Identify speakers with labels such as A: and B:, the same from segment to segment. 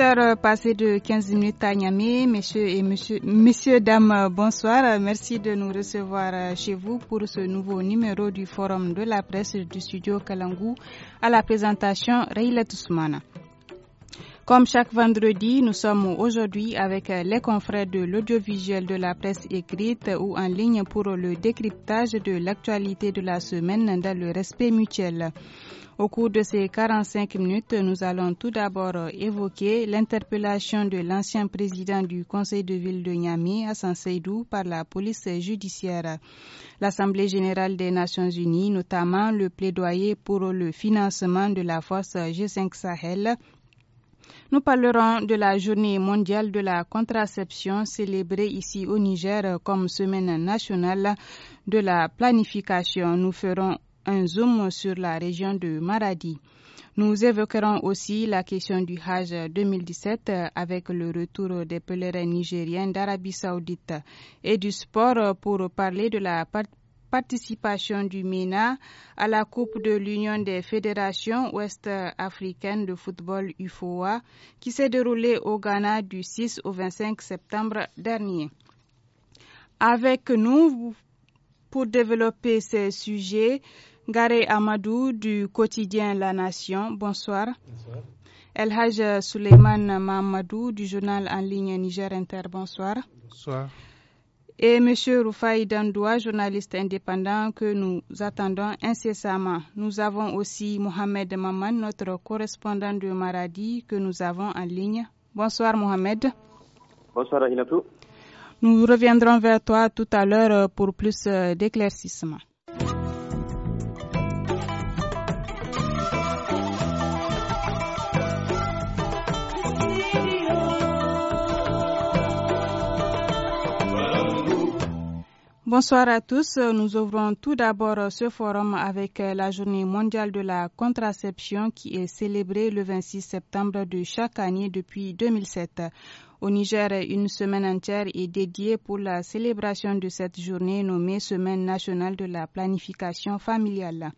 A: 18 euh, passé de 15 minutes à Niamey. Messieurs et messieurs, messieurs, dames, euh, bonsoir. Merci de nous recevoir euh, chez vous pour ce nouveau numéro du Forum de la presse du studio Kalangu à la présentation Reila Tousmana. Comme chaque vendredi, nous sommes aujourd'hui avec les confrères de l'audiovisuel de la presse écrite ou en ligne pour le décryptage de l'actualité de la semaine dans le respect mutuel. Au cours de ces 45 minutes, nous allons tout d'abord évoquer l'interpellation de l'ancien président du conseil de ville de Niamey, Hassan Seydou, par la police judiciaire. L'Assemblée générale des Nations unies, notamment le plaidoyer pour le financement de la force G5 Sahel, nous parlerons de la journée mondiale de la contraception célébrée ici au Niger comme semaine nationale de la planification. Nous ferons un zoom sur la région de Maradi. Nous évoquerons aussi la question du Hajj 2017 avec le retour des pèlerins nigériens d'Arabie saoudite et du sport pour parler de la participation du MENA à la Coupe de l'Union des fédérations ouest-africaines de football UFOA qui s'est déroulée au Ghana du 6 au 25 septembre dernier. Avec nous, pour développer ces sujets, Garé Amadou du quotidien La Nation, bonsoir. Bonsoir. El Suleiman Mamadou du journal en ligne Niger Inter, bonsoir. Bonsoir. Et M. Roufaï Dandoua, journaliste indépendant que nous attendons incessamment. Nous avons aussi Mohamed Maman, notre correspondant de Maradi, que nous avons en ligne. Bonsoir Mohamed. Bonsoir Nous reviendrons vers toi tout à l'heure pour plus euh, d'éclaircissements. Bonsoir à tous. Nous ouvrons tout d'abord ce forum avec la journée mondiale de la contraception qui est célébrée le 26 septembre de chaque année depuis 2007. Au Niger, une semaine entière est dédiée pour la célébration de cette journée nommée Semaine nationale de la planification familiale.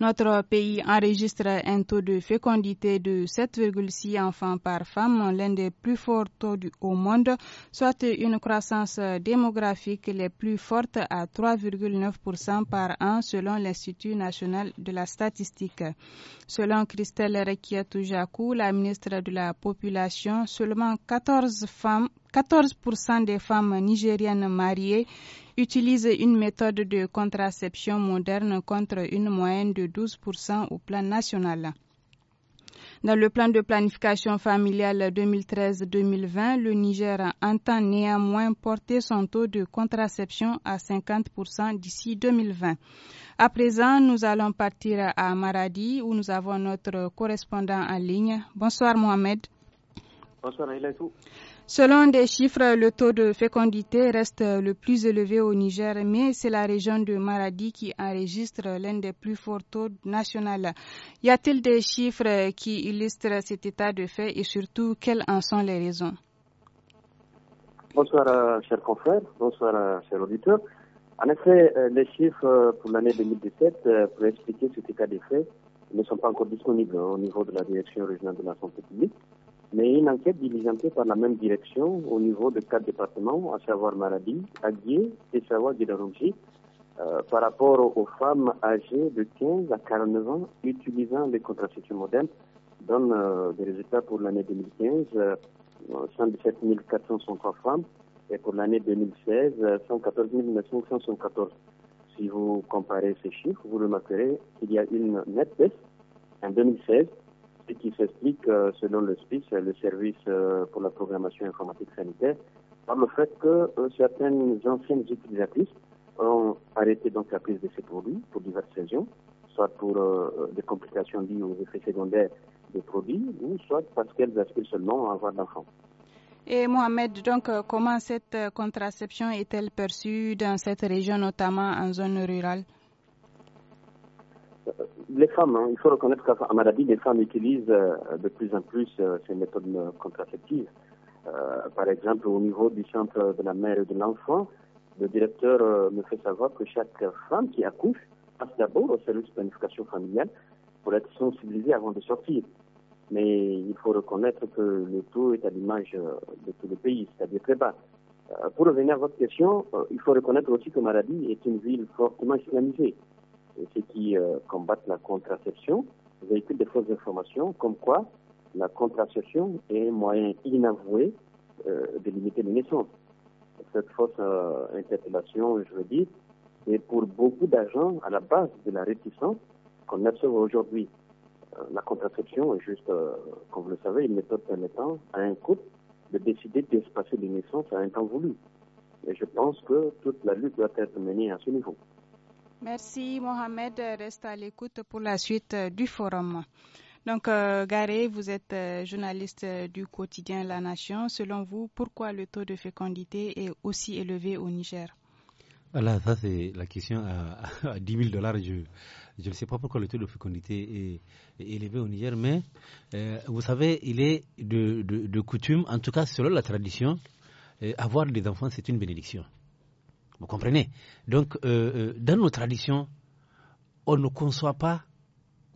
A: Notre pays enregistre un taux de fécondité de 7,6 enfants par femme, l'un des plus forts taux du, au monde, soit une croissance démographique les plus forte à 3,9% par an selon l'Institut national de la statistique. Selon Christelle Rekiatou la ministre de la Population, seulement 14 femmes 14% des femmes nigériennes mariées utilisent une méthode de contraception moderne contre une moyenne de 12% au plan national. Dans le plan de planification familiale 2013-2020, le Niger entend néanmoins porter son taux de contraception à 50% d'ici 2020. À présent, nous allons partir à Maradi où nous avons notre correspondant en ligne. Bonsoir Mohamed.
B: Bonsoir tout.
A: Selon des chiffres, le taux de fécondité reste le plus élevé au Niger, mais c'est la région de Maradi qui enregistre l'un des plus forts taux nationaux. Y a-t-il des chiffres qui illustrent cet état de fait et surtout quelles en sont les raisons
B: Bonsoir, euh, chers confrères, bonsoir, euh, chers auditeurs. En effet, euh, les chiffres pour l'année 2017, pour expliquer cet état de fait, ne sont pas encore disponibles hein, au niveau de la Direction régionale de la santé publique. Mais une enquête diligentée par la même direction au niveau de quatre départements, à savoir Maradi, Aguier, et savoir euh, par rapport aux femmes âgées de 15 à 49 ans utilisant les contraceptifs modernes, donne euh, des résultats pour l'année 2015, euh, 117 453 femmes, et pour l'année 2016, 114 914. Si vous comparez ces chiffres, vous remarquerez qu'il y a une nette baisse en 2016 ce qui s'explique, euh, selon le le service euh, pour la programmation informatique sanitaire, par le fait que euh, certaines anciennes utilisatrices ont arrêté donc la prise de ces produits pour diverses raisons, soit pour des complications liées aux effets secondaires des produits, ou soit parce qu'elles aspirent seulement à avoir d'enfants.
A: Et Mohamed, donc, comment cette contraception est-elle perçue dans cette région, notamment en zone rurale
B: les femmes, hein. il faut reconnaître qu'en Maladie, les femmes utilisent euh, de plus en plus euh, ces méthodes euh, contraceptives. par exemple, au niveau du centre de la mère et de l'enfant, le directeur me fait savoir que chaque femme qui accouche passe d'abord au service de planification familiale pour être sensibilisée avant de sortir. Mais il faut reconnaître que le taux est à l'image de tout le pays, c'est-à-dire très bas. pour revenir à votre question, il faut reconnaître aussi que Maladie est une ville fortement islamisée ceux qui euh, combattent la contraception véhiculent des fausses informations comme quoi la contraception est un moyen inavoué euh, de limiter les naissances. Cette fausse euh, interpellation, je le dis, est pour beaucoup d'agents à la base de la réticence qu'on observe aujourd'hui. Euh, la contraception est juste, comme vous le savez, une méthode permettant à un couple de décider d'espacer les naissances à un temps voulu. Et je pense que toute la lutte doit être menée à ce niveau.
A: Merci Mohamed, reste à l'écoute pour la suite euh, du forum. Donc, euh, Garé, vous êtes euh, journaliste du quotidien La Nation. Selon vous, pourquoi le taux de fécondité est aussi élevé au Niger
C: Voilà, ça c'est la question à, 10 000 dollars. Je, ne sais pas pourquoi le taux de fécondité est, élevé au Niger, mais vous savez, il est de, coutume, en tout cas selon la tradition, avoir des enfants c'est une bénédiction. Vous comprenez Donc, euh, euh, dans nos traditions, on ne conçoit pas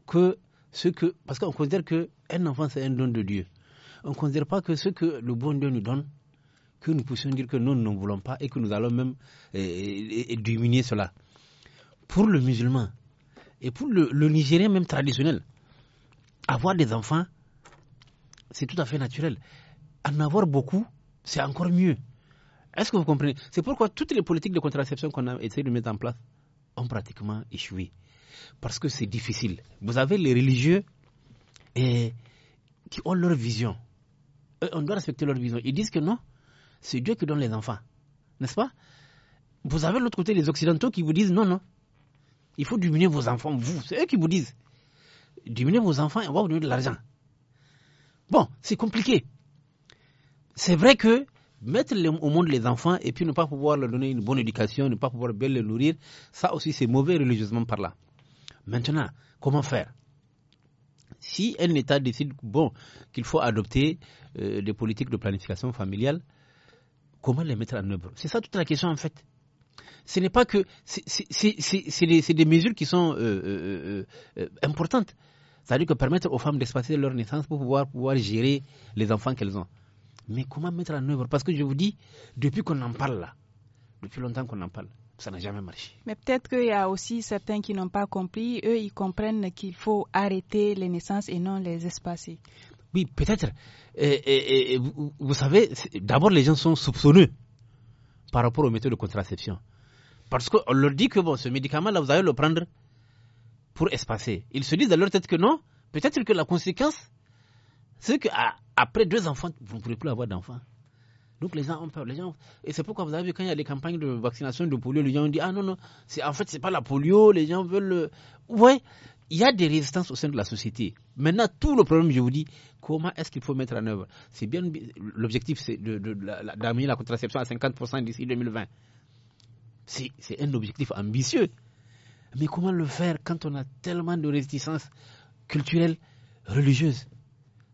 C: que ce que. Parce qu'on considère qu'un enfant, c'est un don de Dieu. On ne considère pas que ce que le bon Dieu nous donne, que nous puissions dire que nous ne voulons pas et que nous allons même euh, diminuer cela. Pour le musulman et pour le, le Nigérien même traditionnel, avoir des enfants, c'est tout à fait naturel. En avoir beaucoup, c'est encore mieux. Est-ce que vous comprenez C'est pourquoi toutes les politiques de contraception qu'on a essayé de mettre en place ont pratiquement échoué. Parce que c'est difficile. Vous avez les religieux qui ont leur vision. on doit respecter leur vision. Ils disent que non, c'est Dieu qui donne les enfants. N'est-ce pas Vous avez l'autre côté les Occidentaux qui vous disent non, non. Il faut diminuer vos enfants, vous. C'est eux qui vous disent. Diminuez vos enfants et on va vous donner de l'argent. Bon, c'est compliqué. C'est vrai que mettre au monde les enfants et puis ne pas pouvoir leur donner une bonne éducation, ne pas pouvoir bien les nourrir, ça aussi c'est mauvais religieusement par là. Maintenant, comment faire Si un État décide bon, qu'il faut adopter euh, des politiques de planification familiale, comment les mettre en œuvre C'est ça toute la question en fait. Ce n'est pas que. C'est des, des, mesures qui sont euh, euh, importantes. C'est-à-dire que permettre aux femmes d'espacer leur naissance pour pouvoir gérer les enfants qu'elles ont. Mais comment mettre en œuvre Parce que je vous dis, depuis qu'on en parle là, depuis longtemps qu'on en parle, ça n'a jamais marché.
A: Mais peut-être qu'il y a aussi certains qui n'ont pas compris. Eux, ils comprennent qu'il faut arrêter les naissances et non les espacer.
C: Oui, peut-être. Vous, savez, d'abord, les gens sont soupçonneux par rapport aux méthodes de contraception. Parce qu'on leur dit que bon, ce médicament-là, vous allez le prendre pour espacer. Ils se disent alors peut-être que non. Peut-être que la conséquence, c'est que ah, après deux enfants, vous ne pourrez plus avoir d'enfants. Donc les gens ont peur. Les gens... Et c'est pourquoi vous avez vu quand il y a des campagnes de vaccination de polio, les gens ont dit Ah non, non, c'est... en fait, ce n'est pas la polio, les gens veulent. Oui, il y a des résistances au sein de la société. Maintenant, tout le problème, je vous dis, comment est-ce qu'il faut mettre en œuvre C'est bien l'objectif, c'est de, d'amener la contraception à 50% d'ici 2020. C'est, c'est un objectif ambitieux. Mais comment le faire quand on a tellement de résistances culturelles, religieuses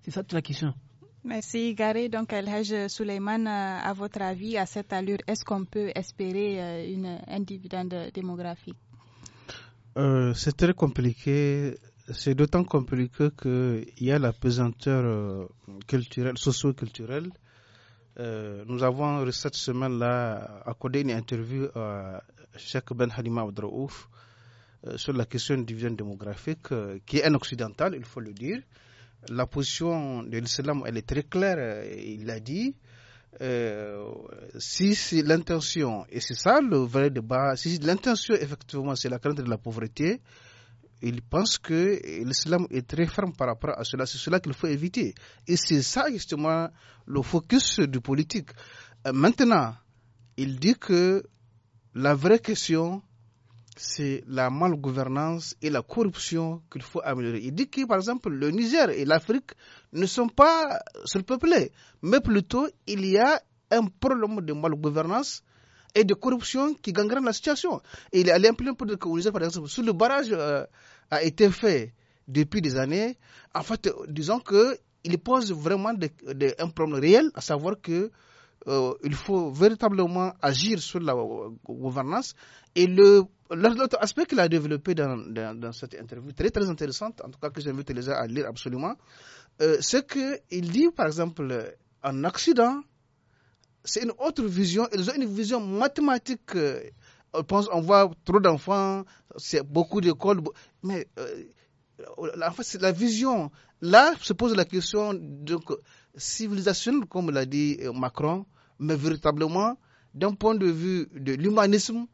C: C'est ça toute la question.
A: Merci Garé. Donc Hajj Suleiman, euh, à votre avis, à cette allure, est-ce qu'on peut espérer euh, une, un dividende démographique
D: euh, C'est très compliqué. C'est d'autant compliqué qu'il y a la pesanteur culturelle, socio-culturelle. nous avons cette semaine-là accordé une interview à Cheikh Ben Halima sur la question du dividende démographique, qui est un occidental, il faut le dire, la position de l'islam, elle est très claire. Euh, il a dit. Euh, si c'est l'intention, et c'est ça le vrai débat, si l'intention effectivement c'est la crainte de la pauvreté, il pense que l'islam est très ferme par rapport à cela. C'est cela qu'il faut éviter. Et c'est ça justement le focus du politique. Euh, maintenant, il dit que la vraie question, c'est la malgouvernance et la corruption qu'il faut améliorer. Il dit que, par exemple, le Niger et l'Afrique ne sont pas surpeuplés, mais plutôt il y a un problème de malgouvernance et de corruption qui gangrène la situation. il est allé un peu pour dire par exemple, si le barrage euh, a été fait depuis des années, en fait, disons qu'il pose vraiment un problème réel, à savoir que euh, il faut véritablement agir sur la gouvernance. Et l'autre aspect qu'il a développé dans, cette interview, très très intéressante, en tout cas que j'invite les gens à lire absolument, euh, c'est qu'il dit par exemple, en Occident, c'est une autre vision, ils ont une vision mathématique. Euh, on pense on voit trop d'enfants, c'est beaucoup d'écoles, mais en fait, c'est la vision. Là se pose la question donc civilisation, comme l'a dit Macron, mais véritablement, d'un point de vue de l'humanisme,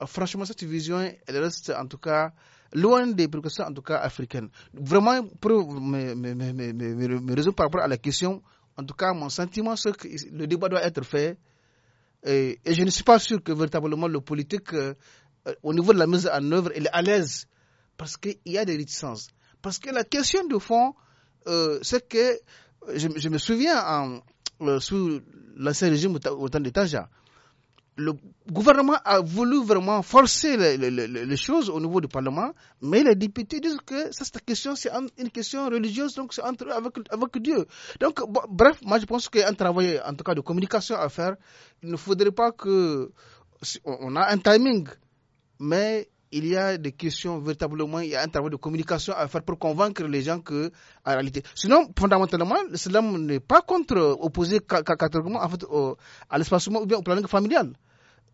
D: euh, franchement, cette vision, elle reste en tout cas loin des précautions, en tout cas africaines. Vraiment, pour mes, raisons par rapport à la question, en tout cas, mon sentiment, c'est que le débat doit être fait. Et, je ne suis pas sûr que véritablement le politique, euh, euh, au niveau de la mise en œuvre, il est à l'aise. Parce qu'il y a des réticences. Parce que la question de fond, c'est que, je, me souviens, en, sous l'ancien régime au temps Le gouvernement a voulu vraiment forcer les, choses au niveau du Parlement, mais les députés disent que cette question, c'est une question religieuse, donc c'est entre eux, avec, avec Dieu. Donc, bref, moi je pense qu'il y a un travail, en tout cas, de communication à faire. Il ne faudrait pas que. On a un timing, mais il y a des questions véritablement, il y a un travail de communication à faire pour convaincre les gens que, en réalité. Sinon, fondamentalement, l'islam n'est pas contre opposé catégoriquement en fait, à l'espacement ou bien au planning familial.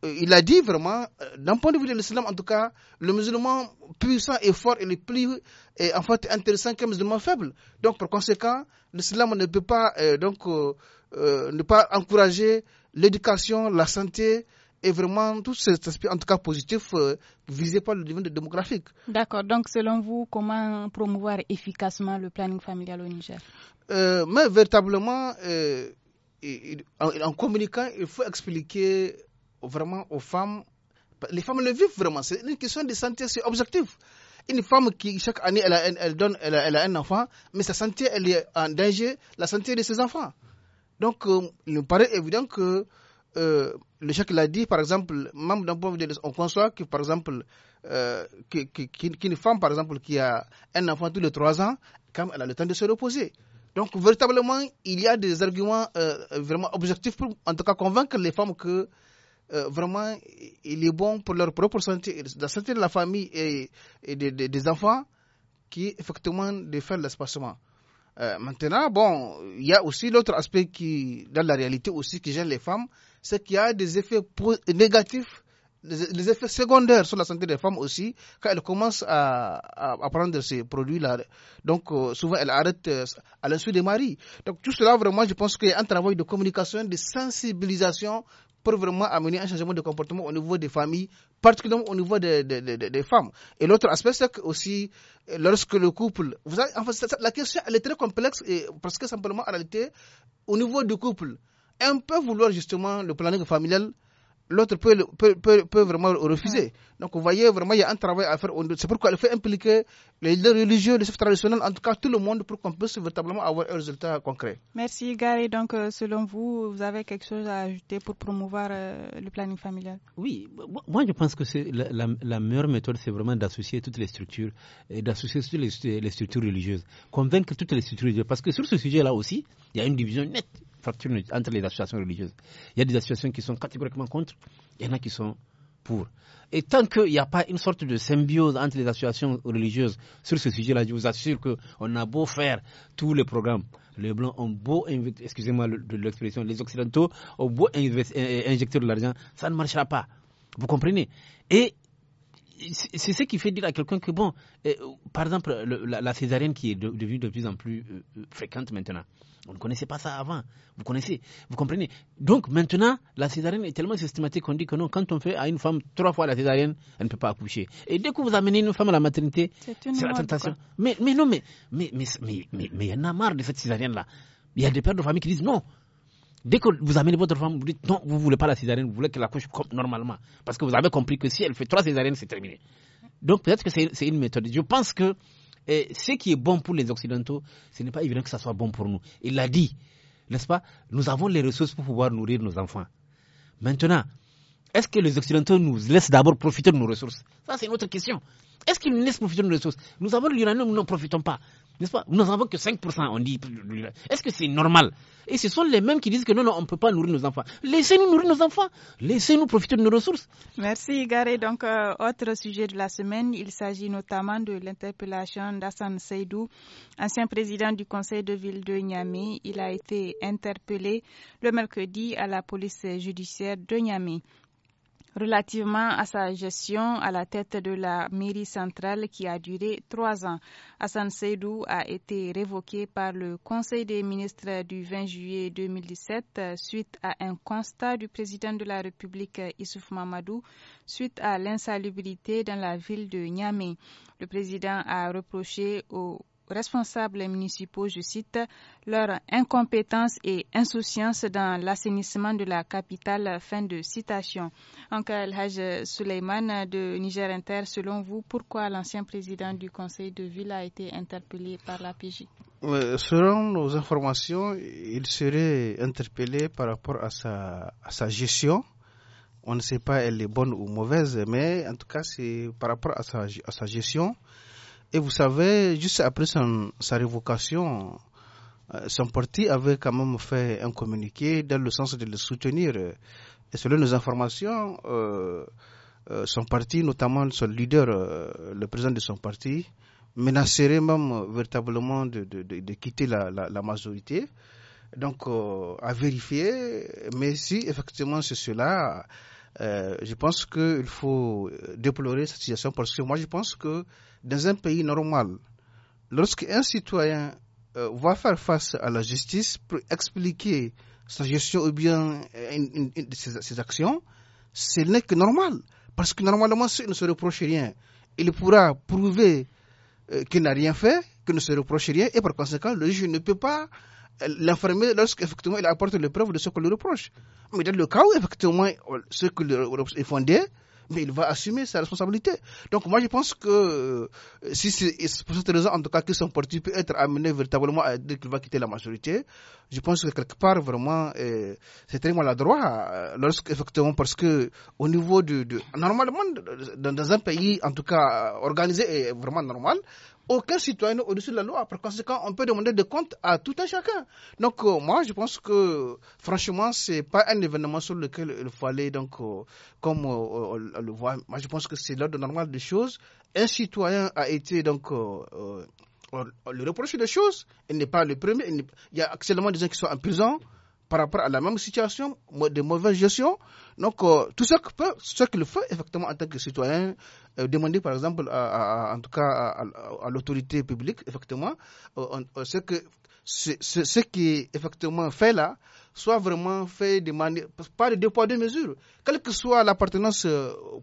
D: Euh, il a dit vraiment, euh, d'un point de vue de l'islam en tout cas, le musulman puissant et fort est plus en fait intéressant qu'un musulman faible. Donc par conséquent, l'islam ne peut pas euh, donc ne pas encourager l'éducation, la santé, et vraiment tout cet aspect, en tout cas positif, euh, visé par le développement démographique.
A: D'accord. Donc, selon vous, comment promouvoir efficacement le planning familial au
D: Niger euh, Mais véritablement, euh, en, communiquant, il faut expliquer vraiment aux femmes. Les femmes le vivent vraiment. C'est une question de santé, c'est objectif. Une femme qui, chaque année, elle, a, elle donne, a, elle a, un enfant, mais sa santé, elle est en danger, la santé de ses enfants. Donc, il me paraît évident que euh, le chèque l'a dit, par exemple, même d'un on conçoit que, par exemple, euh, qu'une femme, par exemple, qui a un enfant tous les trois ans, quand elle a le temps de se reposer. Donc, véritablement, il y a des arguments euh, vraiment objectifs pour, en tout cas, convaincre les femmes que vraiment, il est bon pour leur propre santé, la santé de la famille et, des, enfants, qui, effectivement, de faire l'espacement. Euh, maintenant, bon, il y a aussi l'autre aspect qui, dans la réalité aussi, qui gêne les femmes, c'est qu'il y a des effets négatifs, des, effets secondaires sur la santé des femmes aussi, quand elles commencent à, à, prendre ces produits-là. Donc, euh, souvent, elles arrêtent euh, à l'insu des maris. Donc, tout cela, vraiment, je pense qu'il y a un travail de communication, de sensibilisation pour vraiment amener un changement de comportement au niveau des familles, particulièrement au niveau des, femmes. Et l'autre aspect, c'est que aussi, lorsque le couple. Vous la question, elle est très complexe et, parce que simplement, en réalité, au niveau du couple, un peut vouloir justement le planning familial l'autre peut, vraiment refuser. Donc vous voyez, vraiment, il y a un travail à faire. C'est pourquoi il faut impliquer les religieux, les chefs traditionnels, en tout cas tout le monde, pour qu'on puisse véritablement avoir un résultat concret.
A: Merci Gary. Donc euh, selon vous, vous avez quelque chose à ajouter pour promouvoir euh, le planning familial
C: Oui, moi je pense que la, meilleure méthode, c'est vraiment d'associer toutes les structures, et d'associer toutes les, les, structures religieuses, convaincre toutes les structures religieuses. Parce que sur ce sujet-là aussi, il y a une division nette entre les associations religieuses. Il y a des associations qui sont catégoriquement contre, il y en a qui sont pour. Et tant qu'il n'y a pas une sorte de symbiose entre les associations religieuses sur ce sujet-là, je vous assure qu'on a beau faire tous les programmes. Les Blancs ont beau, excusez-moi de l'expression, les Occidentaux ont beau injecter de l'argent, ça ne marchera pas. Vous comprenez Et c'est ce qui fait dire à quelqu'un que, bon, eh, par exemple, la, césarienne qui est devenue de plus en plus euh, euh, fréquente maintenant, on ne connaissait pas ça avant. Vous connaissez, vous comprenez. Donc maintenant, la césarienne est tellement systématique qu'on dit que non, quand on fait à une femme trois fois la césarienne, elle ne peut pas accoucher. Et dès que vous amenez une femme à la maternité, c'est la tentation. Mais, non, mais mais mais mais il y en a marre de cette césarienne là. Il y a des pères de famille qui disent non. Dès que vous amenez votre femme, vous dites non, vous ne voulez pas la césarienne, vous voulez qu'elle accouche normalement. Parce que vous avez compris que si elle fait trois césariennes, c'est terminé. Donc peut-être que c'est une méthode. Je pense que et ce qui est bon pour les Occidentaux, ce n'est pas évident que ce soit bon pour nous. Il l'a dit, n'est-ce pas Nous avons les ressources pour pouvoir nourrir nos enfants. Maintenant, est-ce que les Occidentaux nous laissent d'abord profiter de nos ressources Ça, c'est une autre question. Est-ce qu'ils nous laissent profiter de nos ressources Nous avons l'uranium, nous n'en profitons pas. N'est-ce pas Nous n'en avons que 5%, on dit. Est-ce que c'est normal Et ce sont les mêmes qui disent que non, non, on ne peut pas nourrir nos enfants. Laissez-nous nourrir nos enfants. Laissez-nous profiter de nos ressources. Merci, Garé. Donc, euh, autre sujet de la
A: semaine, il s'agit notamment de l'interpellation d'Assan Seydou, ancien président du conseil de ville de Niamey. Il a été interpellé le mercredi à la police judiciaire de Niamey relativement à sa gestion à la tête de la mairie centrale qui a duré trois ans. Hassan Seydou a été révoqué par le Conseil des ministres du 20 juillet 2017 euh, suite à un constat du président de la République euh, Issouf Mamadou suite à l'insalubrité dans la ville de Niamey. Le président a reproché au responsables municipaux, je cite, leur incompétence et insouciance dans l'assainissement de la capitale. Fin de citation. Anka El Haj Suleiman de Niger Inter, selon vous, pourquoi l'ancien président du conseil de ville a été interpellé par la PJ
D: Selon nos informations, il serait interpellé par rapport à sa, à sa gestion on ne sait pas elle est bonne ou mauvaise, mais en tout cas, c'est par rapport à sa, à sa gestion et vous savez, juste après sa révocation, euh, son parti avait quand même fait un communiqué dans le sens de le soutenir. Et selon nos informations, euh, euh, son parti, notamment son leader, le président de son parti, menacerait même véritablement de, quitter la, majorité. Donc, à vérifier, mais si effectivement c'est cela, euh, je pense qu'il faut euh, déplorer cette situation parce que moi je pense que dans un pays normal, lorsqu'un citoyen euh, va faire face à la justice pour expliquer sa gestion ou bien ses, actions, ce n'est que normal. Parce que normalement, s'il ne se reproche rien, il pourra prouver qu'il n'a rien fait, qu'il ne se reproche rien, et par conséquent, le juge ne peut pas L'infirmier, lorsqu'effectivement il apporte les preuves de ce qu'on lui reproche. Mais dans le cas où effectivement ce que lui reproche est fondé, mais il va assumer sa responsabilité. Donc moi je pense que euh, si c'est pour cette raison en tout cas que son parti peut être amené véritablement à dire qu'il va quitter la majorité, je pense que quelque part vraiment euh, c'est très maladroit euh, lorsque effectivement parce que au niveau de, normalement dans, un pays en tout cas organisé et vraiment normal, aucun citoyen au-dessus de la loi. Par conséquent, on peut demander des comptes à tout un chacun. Donc, euh, moi, je pense que, franchement, c'est pas un événement sur lequel il faut aller, donc, euh, comme on, euh, le voit. Moi, je pense que c'est l'ordre normal des choses. Un citoyen a été, donc, le reproche des choses. Il n'est pas le premier. Il, y a actuellement des gens qui sont en prison par rapport à la même situation de mauvaise gestion. Donc, euh, tout ce que peut, ce qu'il fait, effectivement, en tant que citoyen, euh, demander, par exemple, à, en tout cas, à, l'autorité publique, effectivement, euh, euh ce que, ce, ce, qui, effectivement, fait là, soit vraiment fait de manière, pas de poids, deux mesures. Quelle que soit l'appartenance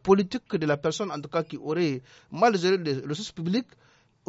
D: politique de la personne, en tout cas, qui aurait mal géré le service public,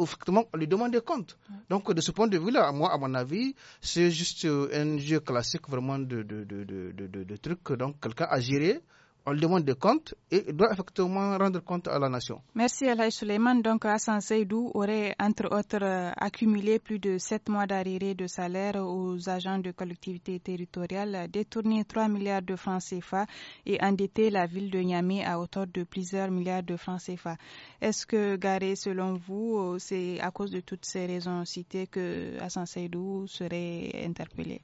D: effectivement, on lui demande compte Donc, de ce point de vue-là, moi, à mon avis, c'est juste un jeu classique vraiment de, de, trucs. Donc, quelqu'un a géré on le demande des comptes et il doit effectivement rendre compte à la nation.
A: Merci Alaï Suleiman. Donc Hassan Seydou aurait entre autres euh, accumulé plus de sept mois d'arriérés de salaire aux agents de collectivité territoriale, détourné 3 milliards de francs CFA et endetté la ville de Niamey à hauteur de plusieurs milliards de francs CFA. Est-ce que Garé, selon vous, euh, c'est à cause de toutes ces raisons citées que Hassan Seydou serait interpellé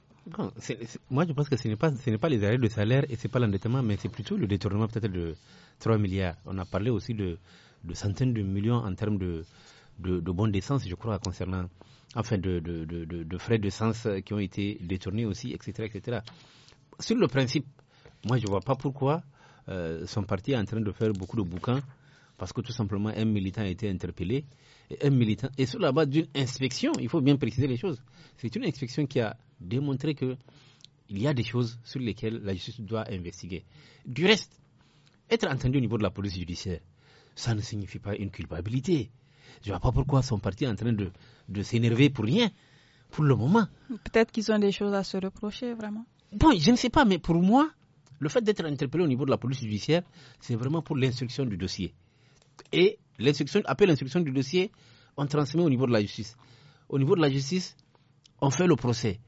C: moi je pense que ce n'est pas, les arrêts de salaire et ce n'est pas l'endettement, mais c'est plutôt le détournement peut-être de 3 milliards. On a parlé aussi de, centaines de millions en termes de, de, bons d'essence, je crois, concernant, enfin, de, de, de, de frais d'essence qui ont été détournés aussi, etc., etc. Sur le principe, moi je ne vois pas pourquoi euh, son parti est en train de faire beaucoup de bouquins parce que tout simplement un militant a été interpellé, et un militant, et sur la base d'une inspection, il faut bien préciser les choses. C'est une inspection qui a démontré que il y a des choses sur lesquelles la justice doit investiguer. Du reste, être entendu au niveau de la police judiciaire, ça ne signifie pas une culpabilité. Je ne vois pas pourquoi son parti est en train de, de s'énerver pour rien, pour le moment. Peut-être qu'ils ont des choses à se reprocher, vraiment. Bon, je ne sais pas, mais pour moi, le fait d'être interpellé au niveau de la police judiciaire, c'est vraiment pour l'instruction du dossier. Et l'instruction, après l'instruction du dossier, on transmet au niveau de la justice. Au niveau de la justice, on fait le procès.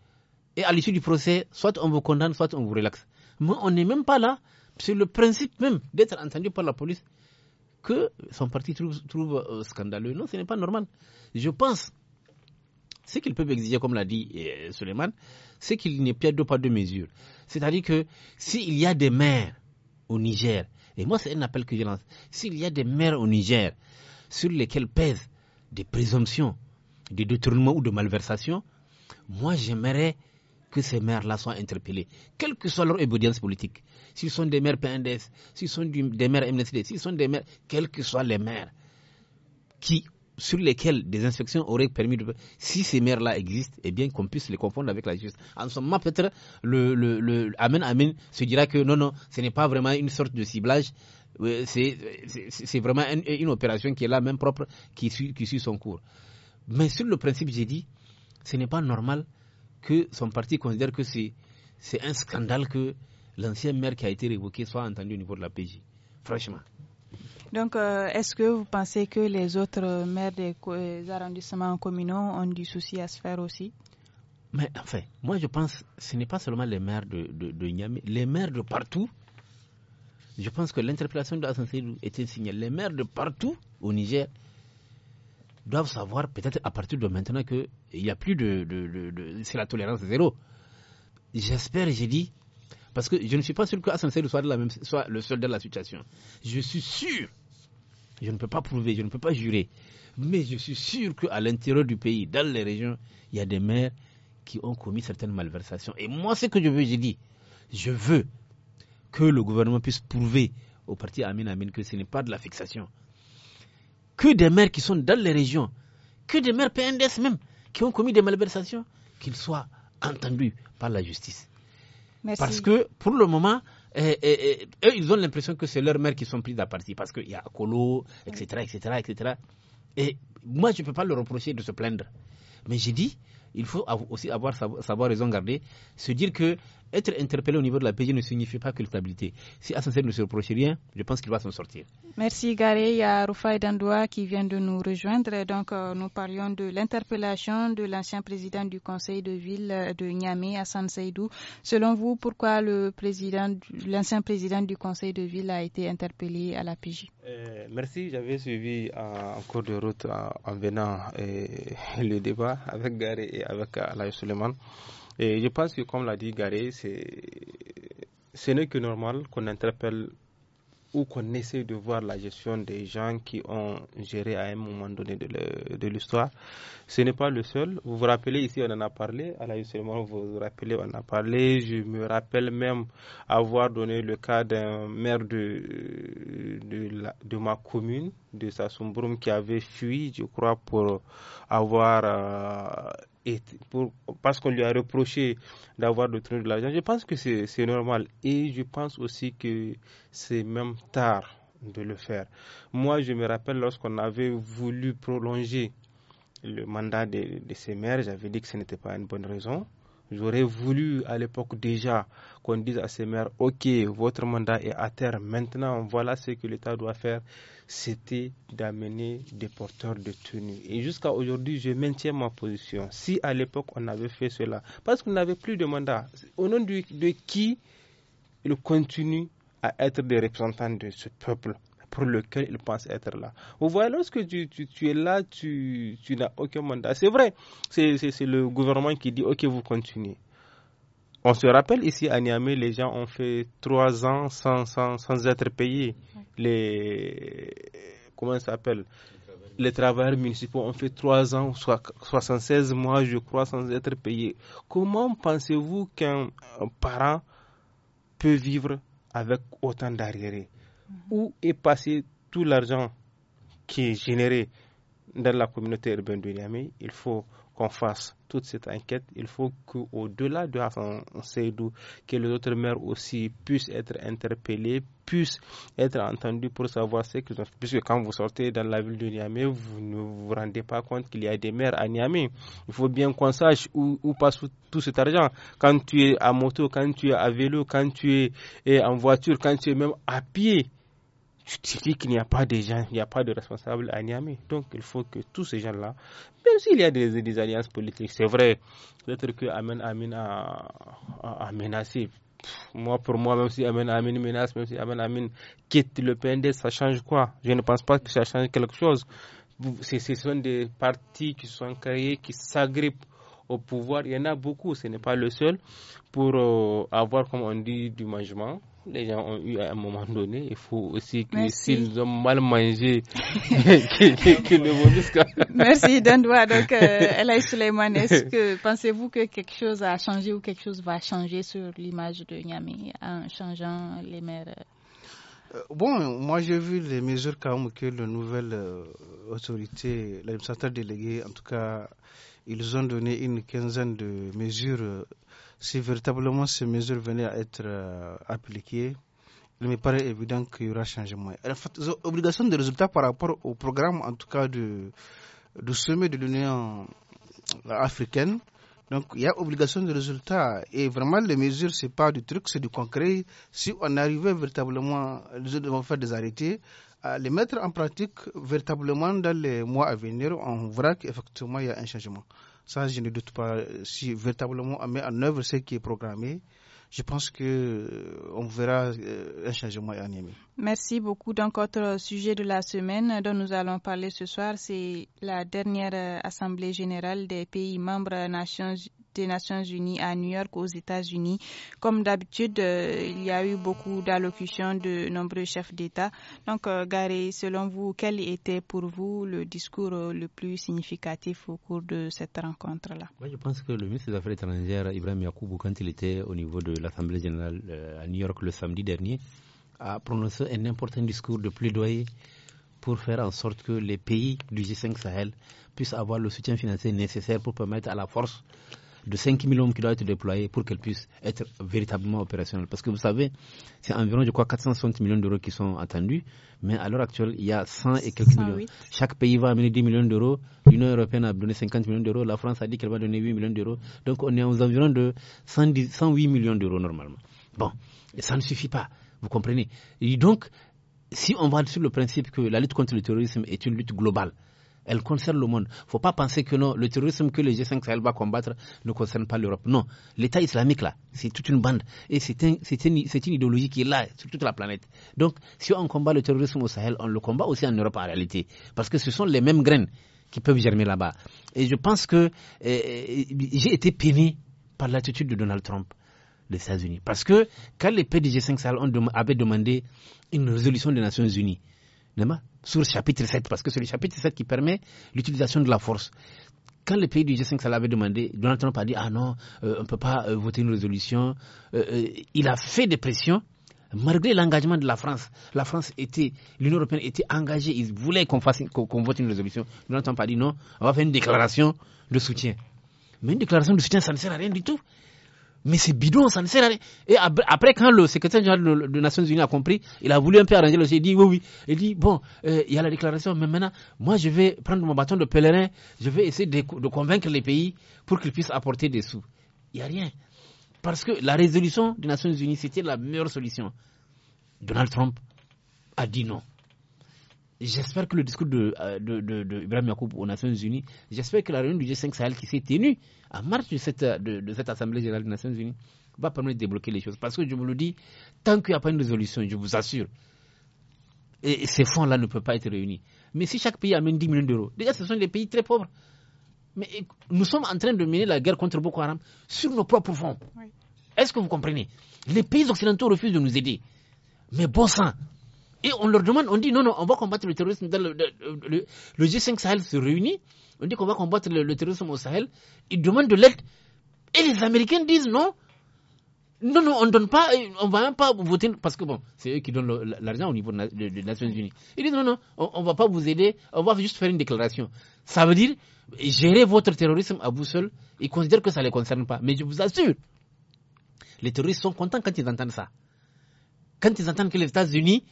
C: Et à l'issue du procès, soit on vous condamne, soit on vous relaxe. Mais on n'est même pas là. C'est le principe même d'être entendu par la police que son parti trouve, euh, scandaleux. Non, ce n'est pas normal. Je pense, ce qu'ils peuvent exiger, comme l'a dit euh, Suleiman, c'est qu'il n'y ait pas de pas mesures. C'est-à-dire que s'il y a des maires au Niger et moi, c'est un appel que je lance. S'il y a des maires au Niger sur lesquels pèsent des présomptions de détournement ou de malversation, moi, j'aimerais que ces maires-là soient interpellés, quelle que soit leur obédience politique. S'ils sont des maires PNDS, s'ils sont des maires MNSD, s'ils sont des maires, quels que soient les maires qui sur lesquels des inspections auraient permis de... Si ces maires-là existent, eh bien qu'on puisse les confondre avec la justice. En ce moment, peut-être, le, le, le, Amen Amen se dira que non, non, ce n'est pas vraiment une sorte de ciblage, euh, c'est vraiment une, opération qui est là, même propre, qui suit, qui suit son cours. Mais sur le principe, j'ai dit, ce n'est pas normal que son parti considère que c'est un scandale que l'ancien maire qui a été révoqué soit entendu au niveau de la PJ. Franchement.
A: Donc, euh, est-ce que vous pensez que les autres maires des, euh, arrondissements communaux ont du souci à se faire aussi
C: Mais enfin, moi je pense ce n'est pas seulement les maires de, Niamey, les maires de partout. Je pense que l'interpellation de Seydou est un signal. Les maires de partout au Niger doivent savoir peut-être à partir de maintenant qu'il n'y a plus de... c'est la tolérance zéro. J'espère, j'ai dit, parce que je ne suis pas sûr que Hassan soit, soit le seul dans la situation. Je suis sûr je ne peux pas prouver, je ne peux pas jurer. Mais je suis sûr qu'à l'intérieur du pays, dans les régions, il y a des maires qui ont commis certaines malversations. Et moi, ce que je veux, je dis, je veux que le gouvernement puisse prouver au parti Amin Amin que ce n'est pas de la fixation. Que des maires qui sont dans les régions, que des maires PNDS même, qui ont commis des malversations, qu'ils soient entendus par la justice. Parce que pour le moment, eux, ils ont l'impression que c'est leur mère qui sont prises à partie parce qu'il y a Colo, etc., etc., etc. Et moi, je ne peux pas leur reprocher de se plaindre. Mais j'ai dit, il faut aussi avoir savoir raison garder, se dire que être interpellé au niveau de la PJ ne signifie pas culpabilité. Si Seydou ne se reproche rien, je pense qu'il va s'en sortir.
A: Merci Garé. Il y a Rufai Dandoua qui vient de nous rejoindre. Donc, euh, nous parlions de l'interpellation de l'ancien président du conseil de ville euh, de Niamey, Hassan Seydou. Selon vous, pourquoi l'ancien président du conseil de ville a été interpellé à la PJ
E: euh, Merci. J'avais suivi en, cours de route en, venant le débat avec Garé et avec Alaï Suleiman. Et je pense que, comme l'a dit Garé, ce n'est que normal qu'on interpelle ou qu'on essaie de voir la gestion des gens qui ont géré à un moment donné de l'histoire. Ce n'est pas le seul. Vous vous rappelez ici, on en a parlé. À la vous vous rappelez, on a parlé. Je me rappelle même avoir donné le cas d'un maire de, de, ma commune, de Sassoumbroum, qui avait fui, je crois, pour avoir. Euh, et parce qu'on lui a reproché d'avoir de l'argent. Je pense que c'est normal et je pense aussi que c'est même tard de le faire. Moi, je me rappelle lorsqu'on avait voulu prolonger le mandat de, de ces maires, j'avais dit que ce n'était pas une bonne raison. J'aurais voulu à l'époque déjà qu'on dise à ces maires, OK, votre mandat est à terre, maintenant voilà ce que l'État doit faire, c'était d'amener des porteurs de tenue. Et jusqu'à aujourd'hui, je maintiens ma position. Si à l'époque on avait fait cela, parce qu'on n'avait plus de mandat, au nom de, qui il continue à être des représentants de ce peuple pour lequel il pense être là. Vous voyez, lorsque tu, tu, es là, tu, tu n'as aucun mandat. C'est vrai, c'est le gouvernement qui dit, OK, vous continuez. On se rappelle ici à Niamey, les gens ont fait trois ans sans, sans, être payés. Les, comment s'appelle les travailleurs municipaux ont fait trois ans, soit 76 mois, je crois, sans être payés. Comment pensez-vous qu'un parent peut vivre avec autant d'arriérés Où est passé tout l'argent qui est généré dans la communauté urbaine de Niamey Il faut qu'on fasse toute cette enquête, il faut qu'au-delà de sait Seydou, que les autres maires aussi puissent être interpellés, puissent être entendus pour savoir ce qu'ils ont fait. Puisque quand vous sortez dans la ville de Niamey, vous ne vous rendez pas compte qu'il y a des maires à Niamey. Il faut bien qu'on sache où, passe tout cet argent. Quand tu es à moto, quand tu es à vélo, quand tu es en voiture, quand tu es même à pied je dis qu'il n'y a pas de gens, il n'y a pas de responsables à Niamey. Donc il faut que tous ces gens-là, même s'il y a des, alliances politiques, c'est vrai, peut-être que Amen Amin a, menacé. moi, pour moi, même si Amen Amin menace, même si Amen Amin quitte le PND, ça change quoi Je ne pense pas que ça change quelque chose. Ce sont des partis qui sont créés, qui s'agrippent au pouvoir. Il y en a beaucoup, ce n'est pas le seul, pour euh, avoir, comme on dit, du mangement les gens ont eu à un moment donné. Il faut aussi que s'ils ont mal mangé, qu'ils ne vont pas. Merci Dandoua. Donc, euh, Suleiman, est-ce que
A: pensez-vous que quelque chose a changé ou quelque chose va changer sur l'image de Niamey en changeant les maires
D: euh, Bon, moi j'ai vu les mesures quand que la nouvelle euh, autorité, l'administrateur délégué, en tout cas, ils ont donné une quinzaine de mesures euh, si véritablement ces mesures venaient à être euh, appliquées, il me paraît évident qu'il y aura changement. En fait, obligation de résultat par rapport au programme, en tout cas, du, sommet de l'Union africaine. Donc, il y a obligation de résultat. Et vraiment, les mesures, c'est pas du truc, c'est du concret. Si on arrivait véritablement, nous devons faire des arrêtés, les mettre en pratique véritablement dans les mois à venir, on verra qu'effectivement, il y a un changement. Ça, je ne doute pas. Si véritablement on met en œuvre ce qui est programmé, je pense que euh, on verra euh, un changement animé.
A: Merci beaucoup. Donc, autre sujet de la semaine dont nous allons parler ce soir, c'est la dernière euh, Assemblée générale des pays membres des Nations Unies à New York aux États-Unis. Comme d'habitude, euh, il y a eu beaucoup d'allocutions de nombreux chefs d'État. Donc, euh, Gary, selon vous, quel était pour vous le discours le plus significatif au cours de cette rencontre-là
C: je pense que le ministre des Affaires étrangères, Ibrahim Yacoubou, quand il était au niveau de l'Assemblée générale à New York le samedi dernier, a prononcé un important discours de plaidoyer pour faire en sorte que les pays du G5 Sahel puissent avoir le soutien financier nécessaire pour permettre à la force de 5 millions hommes qui doit être déployée pour qu'elle puisse être véritablement opérationnelle. Parce que vous savez, c'est environ, je crois, 460 millions d'euros qui sont attendus, mais à l'heure actuelle, il y a 100 et quelques millions. Chaque pays va amener 10 millions d'euros, l'Union européenne a donné 50 millions d'euros, la France a dit qu'elle va donner 8 millions d'euros, donc on est aux environs de 108 millions d'euros normalement. Bon, et ça ne suffit pas. Vous comprenez Et donc, si on va sur le principe que la lutte contre le terrorisme est une lutte globale, elle concerne le monde. Il ne faut pas penser que non, le terrorisme que le G5 Sahel va combattre ne concerne pas l'Europe. Non, l'État islamique, là, c'est toute une bande. Et c'est une, une, idéologie qui est là, sur toute la planète. Donc, si on combat le terrorisme au Sahel, on le combat aussi en Europe en réalité. Parce que ce sont les mêmes graines qui peuvent germer là-bas. Et je pense que euh, euh, j'ai été peiné par l'attitude de Donald Trump les États-Unis. Parce que quand les pays du g 5 salon avaient demandé une résolution des Nations Unies, sur le chapitre 7, parce que c'est le chapitre 7 qui permet l'utilisation de la force. Quand les pays du G5 ça l'avait demandé, Donald Trump a dit Ah non, euh, on ne peut pas euh, voter une résolution. Euh, il a fait des pressions, malgré l'engagement de la France. La France était, l'Union européenne était engagée, ils voulaient qu'on qu'on vote une résolution. Donald Trump a dit Non, on va faire une déclaration de soutien. Mais une déclaration de soutien, ça ne sert à rien du tout. Mais c'est bidon, ça ne sert à rien. Et après, quand le secrétaire général des Nations Unies a compris, il a voulu un peu arranger le sujet. Il dit oui, oui. Il dit bon, euh, il y a la déclaration, mais maintenant, moi, je vais prendre mon bâton de pèlerin, je vais essayer de, de convaincre les pays pour qu'ils puissent apporter des sous. Il n'y a rien. Parce que la résolution des Nations Unies, c'était la meilleure solution. Donald Trump a dit non. J'espère que le discours euh, de, de, Ibrahim Yacoub aux Nations Unies, j'espère que la réunion du G5 Sahel qui s'est tenue en marche de cette, Assemblée générale des Nations Unies va permettre de débloquer les choses. Parce que je vous le dis, tant qu'il n'y a pas une résolution, je vous assure, et ces fonds-là ne peuvent pas être réunis. Mais si chaque pays amène 10 millions d'euros, déjà ce sont des pays très pauvres. Mais nous sommes en train de mener la guerre contre Boko Haram sur nos propres fonds. Est-ce que vous comprenez Les pays occidentaux refusent de nous aider. Mais bon sang, et on leur demande, on dit non, non, on va combattre le terrorisme. le, G5 Sahel se réunit, on dit qu'on va combattre le, terrorisme au Sahel. Ils demandent de l'aide. Et les Américains disent non. Non, non, on ne donne pas, euh, on va même pas voter, parce que bon, c'est eux qui donnent l'argent au niveau des Nations Unies. Ils disent non, non, on ne va pas vous aider, on va juste faire une déclaration. Ça veut dire gérer votre terrorisme à vous seul. Ils considèrent que ça ne les concerne pas. Mais je vous assure, les terroristes sont contents quand ils entendent ça. Quand ils entendent que les États-Unis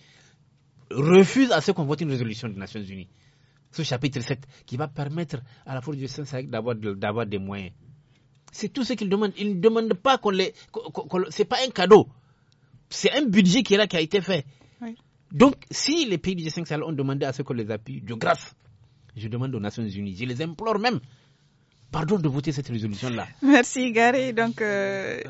C: refuse à ce qu'on vote une résolution des Nations Unies, ce chapitre 7, qui va permettre à la force du g sahel d'avoir des moyens. C'est tout ce qu'ils demandent. Ils ne demandent pas qu'on les. c'est pas un cadeau. C'est un budget qui est là, qui a été fait. Donc, si les pays du G5 ont demandé à ce qu'on les appuie, de grâce, je demande aux Nations Unies, je les implore même pardon de voter cette résolution-là. Merci,
A: Gary. Donc, euh,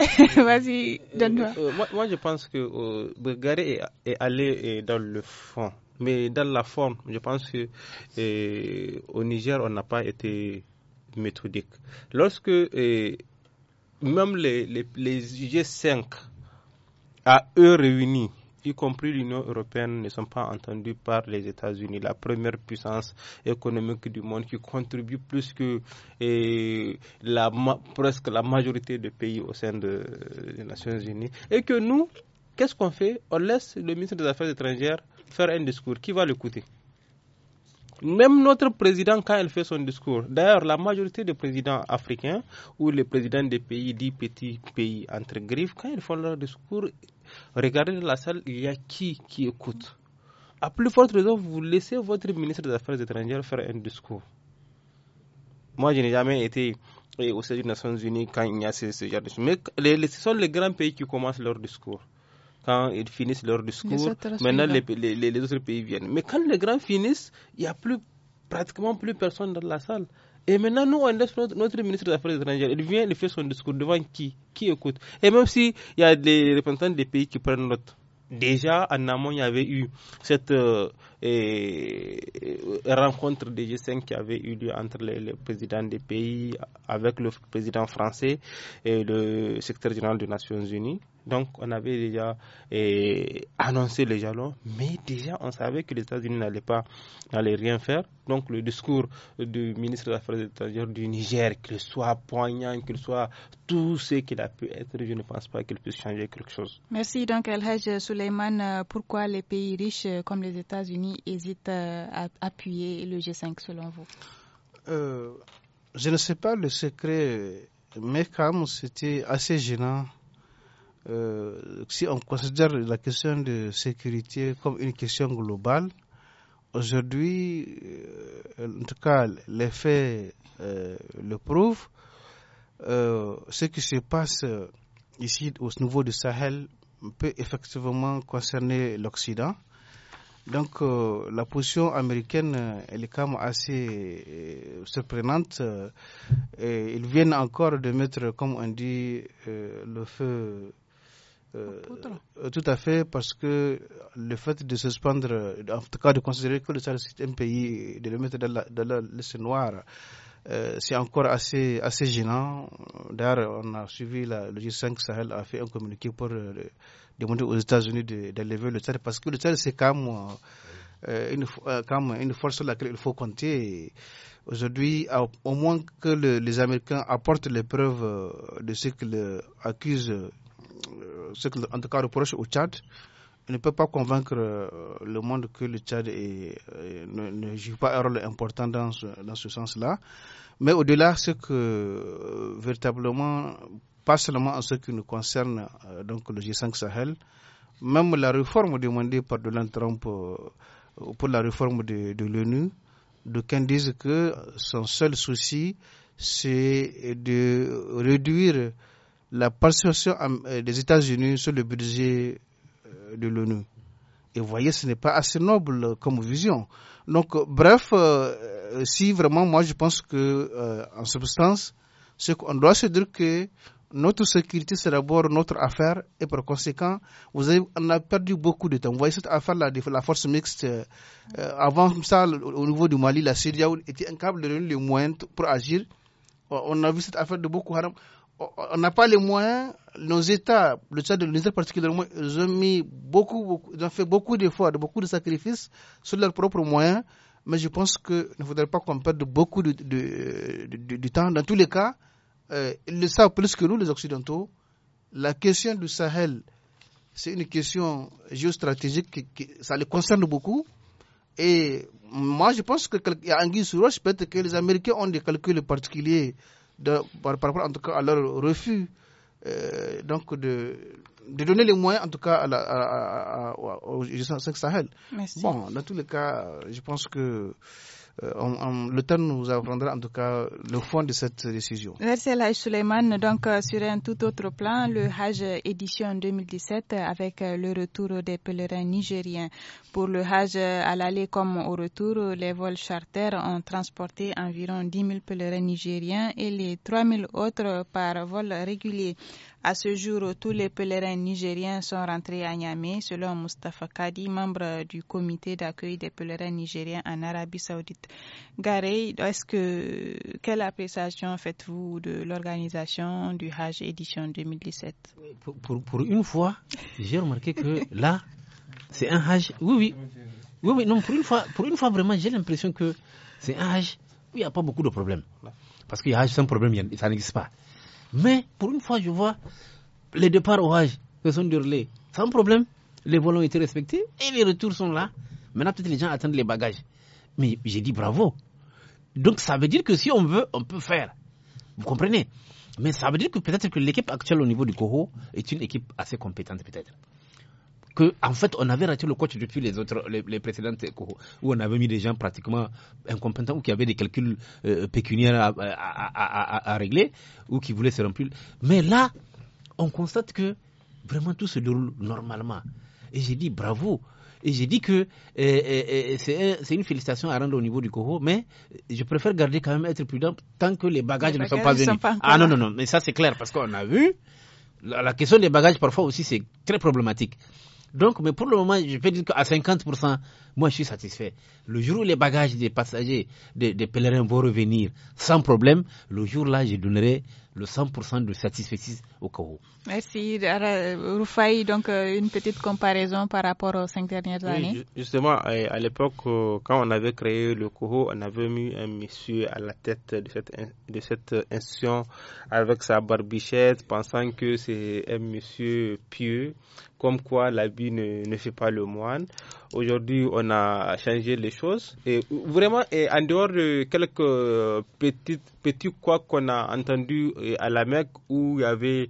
A: vas-y, donne-moi.
C: Euh, moi, je pense que
E: euh, ben, Gary est, allé dans le fond, mais dans la forme, je pense que au Niger, on n'a pas été méthodique. Lorsque même les, g 5 à eux réunis y compris l'Union européenne, ne sont pas entendus par les États-Unis, la première puissance économique du monde qui contribue plus que la, presque la majorité des pays au sein des Nations Unies. Et que nous, qu'est-ce qu'on fait On laisse le ministre des Affaires étrangères faire un discours. Qui va l'écouter même notre président, quand il fait son discours, d'ailleurs, la majorité des présidents africains ou les présidents des pays dits petits pays entre griffes, quand ils font leur discours, Regardez la salle, il y a qui qui écoute. À plus forte raison, vous laissez votre ministre des Affaires étrangères faire un discours. Moi, je n'ai jamais été eh, au sein des Nations Unies quand il y a ce, genre de choses. Mais ce sont les grands pays qui commencent leur discours. Quand ils finissent leur discours, maintenant les, autres pays viennent. Mais quand les grands finissent, il n'y a plus, pratiquement plus personne dans la salle. Et maintenant, nous, notre, ministre des Affaires étrangères. Il vient, il fait son discours devant qui Qui écoute Et même s'il y a des représentants des pays qui prennent note. Déjà, en amont, il y avait eu cette euh, rencontre des G5 qui avait eu lieu entre les, présidents des pays, avec le président français et le secrétaire général des Nations Unies. Donc, on avait déjà eh, annoncé les jalons, mais déjà on savait que les États-Unis n'allaient pas, rien faire. Donc, le discours du ministre des Affaires étrangères du Niger, qu'il soit poignant, qu'il soit tout ce qu'il a pu être, je ne pense pas qu'il puisse changer quelque chose.
A: Merci. Donc, El Hajj Suleiman, pourquoi les pays riches euh, comme les États-Unis hésitent euh, à appuyer le G5 selon vous
D: euh, Je ne sais pas le secret, mais quand même, c'était assez gênant euh, si on considère la question de sécurité comme une question globale, aujourd'hui, euh, en tout cas, les faits euh, le prouvent, euh, ce qui se passe ici au niveau du Sahel peut effectivement concerner l'Occident. Donc la position américaine, elle est quand même assez surprenante. Et ils viennent encore de mettre, comme on dit, le feu euh, tout à fait, parce que le fait de suspendre, en tout cas de considérer que le Sahel c'est un pays, de le mettre dans la, liste noire, euh, c'est encore assez, assez gênant. D'ailleurs, on a suivi la, le G5 Sahel a fait un communiqué pour euh, demander aux États-Unis d'enlever le Sahel, parce que le Sahel c'est quand même, une, force sur laquelle il faut compter aujourd'hui, au moins que les Américains apportent les preuves de ce qu'ils accusent euh, ce que, en tout cas, reproche au Tchad, ne peut pas convaincre euh, le monde que le Tchad ne, joue pas un rôle important dans ce, sens-là. Mais au-delà, ce que euh, véritablement, pas seulement en ce qui nous concerne, donc le G5 Sahel, même la réforme demandée par Donald Trump pour la réforme de, de l'ONU, d'aucuns disent que son seul souci, c'est de réduire la participation euh, des États-Unis sur le budget euh, de l'ONU. Et vous voyez, ce n'est pas assez noble euh, comme vision. Donc, bref, si vraiment, moi, je pense que, en substance, ce qu'on doit se dire que notre sécurité, c'est d'abord notre affaire, et par conséquent, vous avez, on a perdu beaucoup de temps. Vous voyez cette affaire, la, la force mixte, avant ça, au niveau du Mali, la Syrie était incapable de donner les moyens pour agir. On a vu cette affaire de Boko Haram on n'a pas les moyens. Nos États, le Tchad et l'Union particulièrement, ils ont mis beaucoup, ont fait beaucoup d'efforts, beaucoup de sacrifices sur leurs propres moyens. Mais je pense qu'il ne faudrait pas qu'on perde beaucoup de, temps. Dans tous les cas, euh, ils le savent plus que nous, les Occidentaux. La question du Sahel, c'est une question géostratégique, qui, ça les concerne beaucoup. Et moi, je pense qu'il y a Anguille sur peut-être que les Américains ont des calculs particuliers de, par, par, rapport en tout cas à leur refus euh, donc de, de donner les moyens en tout cas à la, à, à, au G5 Sahel. Merci. Bon, dans tous les cas, je pense que euh, le temps nous apprendra en tout cas le fond de cette décision.
A: Merci Haj Suleiman. Donc euh, sur un tout autre plan, le Hajj édition 2017 avec euh, le retour des pèlerins nigériens. Pour le Hajj à l'aller comme au retour, les vols charters ont transporté environ 10 000 pèlerins nigériens et les 3 000 autres par vol régulier. À ce jour, tous les pèlerins nigériens sont rentrés à Niamey, selon Mustafa Kadi, membre du comité d'accueil des pèlerins nigériens en Arabie Saoudite. Garey, est-ce que quelle appréciation faites-vous de l'organisation
C: du Hajj édition 2017 pour, pour une fois, j'ai remarqué que là, c'est un Hajj. Oui, oui. Oui, oui, non, pour une fois, pour une fois vraiment, j'ai l'impression que c'est un Hajj il n'y a pas beaucoup de problèmes. Parce que y a Hajj sans problème, ça n'existe pas. Mais pour une fois, je vois les départs orages que sont relais. sans problème. Les vols ont été respectés et les retours sont là. Maintenant, peut-être les gens attendent les bagages. Mais j'ai dit bravo. Donc ça veut dire que si on veut, on peut faire. Vous comprenez Mais ça veut dire que peut-être que l'équipe actuelle au niveau du Coho est une équipe assez compétente peut-être en fait, on avait raté le coach depuis les autres, les, précédentes où on avait mis des gens pratiquement incompétents ou qui avaient des calculs euh, pécuniaires à, régler ou qui voulaient se remplir. Mais là, on constate que vraiment tout se déroule normalement. Et j'ai dit bravo. Et j'ai dit que euh, euh, c'est une félicitation à rendre au niveau du Coho, mais je préfère garder quand même être prudent tant que les bagages, ne sont pas venus. ah non, non, non, mais ça c'est clair, parce qu'on a vu, la, question des bagages parfois aussi c'est très problématique. Donc, mais pour le moment, je peux dire qu'à 50%, moi, je suis satisfait. Le jour où les bagages des passagers, des, des pèlerins vont revenir sans problème, le jour-là, je donnerai le 100% de satisfaction au cas
A: Merci. Roufaï, euh, donc euh, une petite comparaison par rapport aux cinq dernières années.
E: justement, euh, à l'époque, quand on avait créé le COHO, on avait mis un monsieur à la tête de cette, de cette institution avec sa barbichette, pensant que c'est un monsieur pieux, comme quoi la vie ne fait pas le moine. Aujourd'hui, on a changé les choses. Et vraiment, en dehors de quelques petites, petits quoi qu'on a entendu à la Mecque où il y avait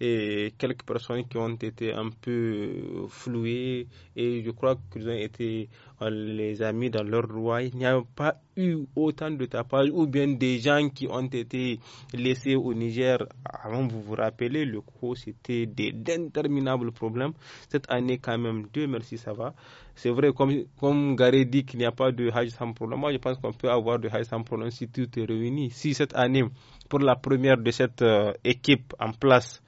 E: et quelques personnes qui ont été un peu flouées et je crois qu'ils ont été, euh, les amis dans leur roi. Il n'y a pas eu autant de tapage ou bien des gens qui ont été laissés au Niger. Avant, vous vous rappelez, le coup, c'était d'interminables problèmes. Cette année, quand même, deux merci, ça va. C'est vrai, comme, comme Garé dit qu'il n'y a pas de Hajj sans problème, moi je pense qu'on peut avoir de Hajj sans problème si tout est réuni. Si cette année, pour la première de cette euh, équipe en place,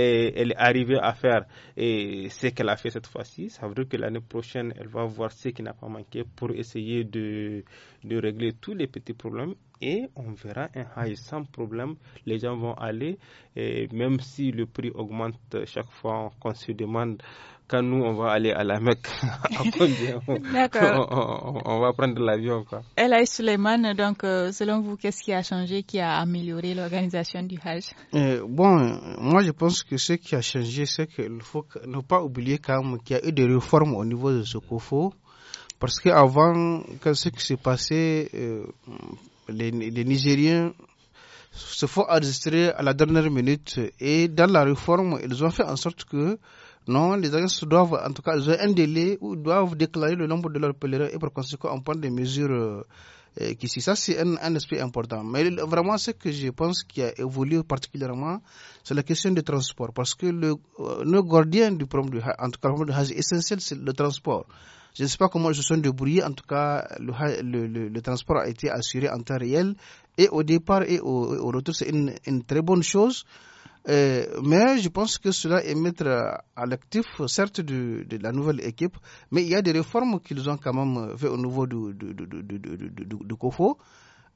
E: elle est arrivée à faire et ce qu'elle a fait cette fois-ci. Ça veut dire que l'année prochaine, elle va voir ce qui n'a pas manqué pour essayer de régler tous les petits problèmes et on verra un high sans problème. Les gens vont aller, et même si le prix augmente chaque fois qu'on se demande quand nous on va aller à la Mecque, on, on, va prendre l'avion.
A: Elaï Suleiman, donc euh, selon vous, qu'est-ce qui a changé, qui a amélioré l'organisation du
D: Hajj euh, Bon, moi je pense que ce qui a changé, c'est qu'il faut ne pas oublier quand qu'il y a eu des réformes au niveau de ce faut. Parce qu'avant, quand ce qui s'est passé, euh, les, Nigériens se font enregistrer à la dernière minute et dans la réforme, ils ont fait en sorte que non, les agences doivent, en tout cas, ils un délai où doivent déclarer le nombre de leurs pèlerins et par conséquent, on prend des mesures euh, euh, qui, si ça, c'est un, aspect important. Mais vraiment, ce que je pense qui a évolué particulièrement, c'est la question du transport. Parce que le, euh, gardien du problème du en tout cas, le problème du essentiel, c'est le transport. Je ne sais pas comment ils se sont débrouillés. En tout cas, le, transport a été assuré en temps réel. Et au départ et au, retour, c'est une, très bonne chose. Euh, mais je pense que cela est mettre à l'actif, certes, de, la nouvelle équipe, mais il y a des réformes qu'ils ont quand même fait au niveau du, COFO.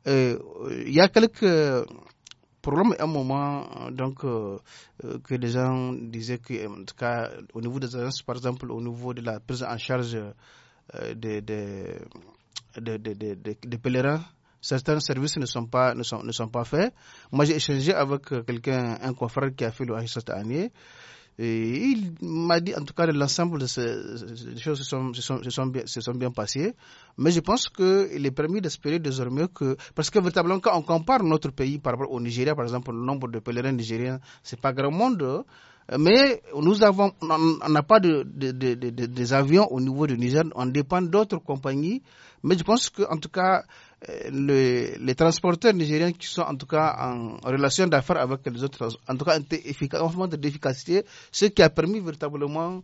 D: Euh, il y a quelques problème est un moment donc euh, euh, que les gens disaient que euh, en tout cas au niveau des agences par exemple au niveau de la prise en charge euh, des, des pèlerins certains services ne sont pas ne sont, ne sont pas faits moi j'ai échangé avec quelqu'un un confrère qui a fait le h cette année et il m'a dit, en tout cas, l'ensemble de ces, choses se sont, sont, bien, se sont, bien, passées. Mais je pense qu'il est permis d'espérer désormais que. Parce que véritablement, quand on compare notre pays par rapport au Nigeria, par exemple, le nombre de pèlerins nigériens, c'est pas grand monde. Hein. Mais nous avons, on n'a pas de, des avions au niveau du Niger, on dépend d'autres compagnies. Mais je pense que, en tout cas, euh, les transporteurs nigériens qui sont en tout cas en relation d'affaires avec les autres, en tout cas, ont été de d'efficacité, ce qui a permis véritablement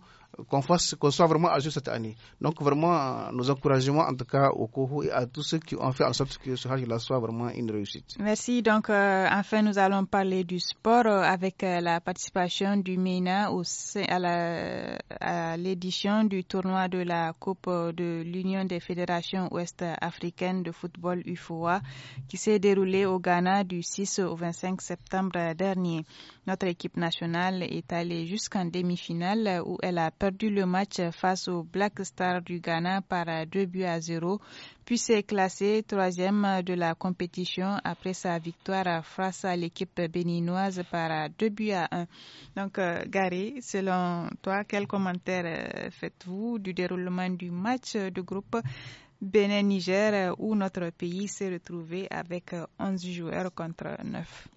D: qu'on soit vraiment à jour cette année. Donc vraiment, nos encouragements en tout cas au Coho et à tous ceux qui ont fait en sorte que ce soit vraiment une réussite.
A: Merci. Donc euh, enfin, nous allons parler du sport euh, avec euh, la participation du MENA au, à l'édition du tournoi de la Coupe de l'Union des fédérations ouest-africaines de football UFOA qui s'est déroulé au Ghana du 6 au 25 septembre dernier. Notre équipe nationale est allée jusqu'en demi-finale où elle a perdu le match face au Black Star du Ghana par 2 buts à 0, puis s'est classée troisième de la compétition après sa victoire face à l'équipe béninoise par 2 buts à 1. Donc, euh, Gary, selon toi, quel commentaire euh, faites-vous du déroulement du match de groupe Bénin-Niger où notre pays s'est retrouvé avec 11 joueurs contre 9?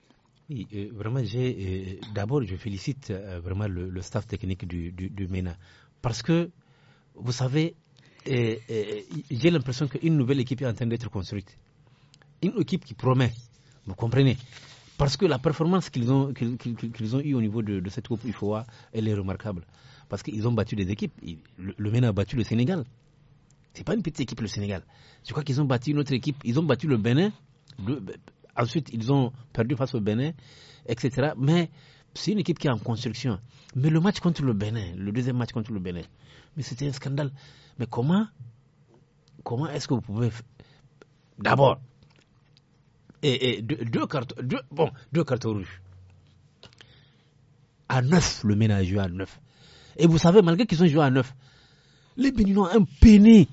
C: Oui, euh, vraiment, j'ai euh, d'abord je félicite euh, vraiment le, staff technique du, du, MENA parce que vous savez, j'ai l'impression qu'une nouvelle équipe est en train d'être construite, une équipe qui promet, vous comprenez, parce que la performance qu'ils ont qu'ils ont eu au niveau de, cette Coupe UFOA, elle est remarquable, parce qu'ils ont battu des équipes, le, MENA a battu le Sénégal, c'est pas une petite équipe le Sénégal, je crois qu'ils ont battu une autre équipe, ils ont battu le Bénin. Ensuite, ils ont perdu face au Bénin, etc. Mais c'est une équipe qui est en construction. Mais le match contre le Bénin, le deuxième match contre le Bénin, mais c'était un scandale. Mais comment, comment est-ce que vous pouvez d'abord et, deux, cartes, bon, deux cartes rouges à neuf le ménage joue à neuf. Et vous savez, malgré qu'ils ont joué à neuf, les Béninois ont un peiné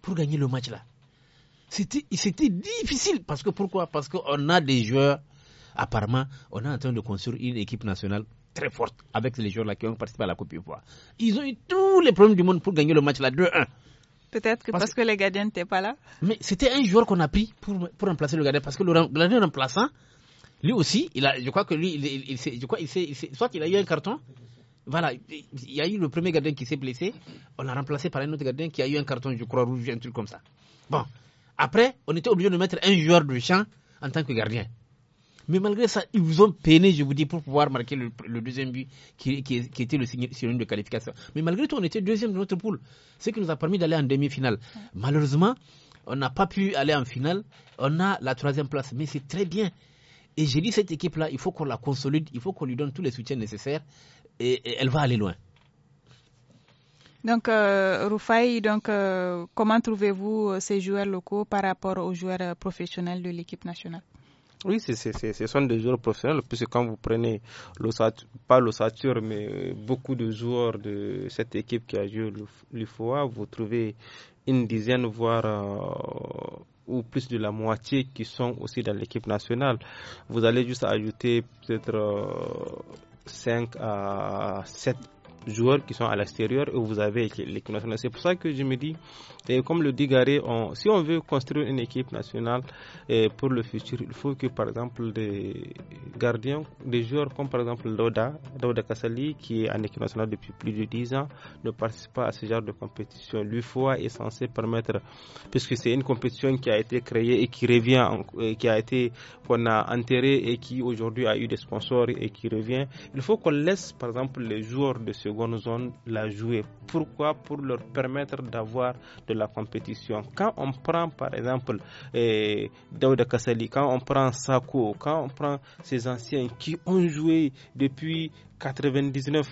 C: pour gagner le match là. C'était difficile. Parce que pourquoi Parce qu'on a des joueurs, apparemment, on est en train de construire une équipe nationale très forte avec les joueurs-là qui ont participé à la Coupe d'Ivoire. Ils ont eu tous les problèmes du monde pour gagner le match-là 2-1. Peut-être que parce, que les gardiens n'étaient pas là. Mais c'était un joueur qu'on a pris pour, remplacer le gardien. Parce que le gardien remplaçant, lui aussi, il a, je crois que lui, il, soit il a eu un carton, voilà, il y a eu le premier gardien qui s'est blessé, on l'a remplacé par un autre gardien qui a eu un carton, je crois, rouge, un truc comme ça. Bon, après, on était obligé de mettre un joueur de champ en tant que gardien. Mais malgré ça, ils vous ont peiné, je vous dis, pour pouvoir marquer le, deuxième but qui, était le une de qualification. Mais malgré tout, on était deuxième de notre poule, ce qui nous a permis d'aller en demi-finale. Malheureusement, on n'a pas pu aller en finale. On a la troisième place, mais c'est très bien. Et j'ai dit, cette équipe-là, il faut qu'on la consolide, il faut qu'on lui donne tous les soutiens nécessaires et elle va aller loin.
A: Donc, euh, Rufai, donc, euh, comment trouvez-vous euh, ces joueurs locaux par rapport aux joueurs euh, professionnels de l'équipe nationale
E: oui, ce sont des joueurs professionnels, puisque quand vous prenez, pas l'ossature, mais beaucoup de joueurs de cette équipe qui a joué l'UFOA, vous trouvez une dizaine, voire ou plus de la moitié qui sont aussi dans l'équipe nationale. Vous allez juste ajouter peut-être 5 à 7 joueurs qui sont à l'extérieur et vous avez les nationale. C'est pour ça que je me dis, et comme le dit Garé, on, si on veut construire une équipe nationale eh, pour le futur, il faut que par exemple des gardiens, des joueurs comme par exemple Loda, Loda Kassali, qui est en équipe nationale depuis plus de 10 ans, ne participe pas à ce genre de compétition. L'UFOA est censé permettre, puisque c'est une compétition qui a été créée et qui revient, qui a été, qu'on a enterrée et qui aujourd'hui a eu des sponsors et qui revient, il faut qu'on laisse par exemple les joueurs de seconde zone la jouer. Pourquoi Pour leur permettre d'avoir, de la compétition. Quand on prend par exemple eh, Daouda Kassali, quand on prend Sako, quand on prend ces anciens qui ont joué depuis 99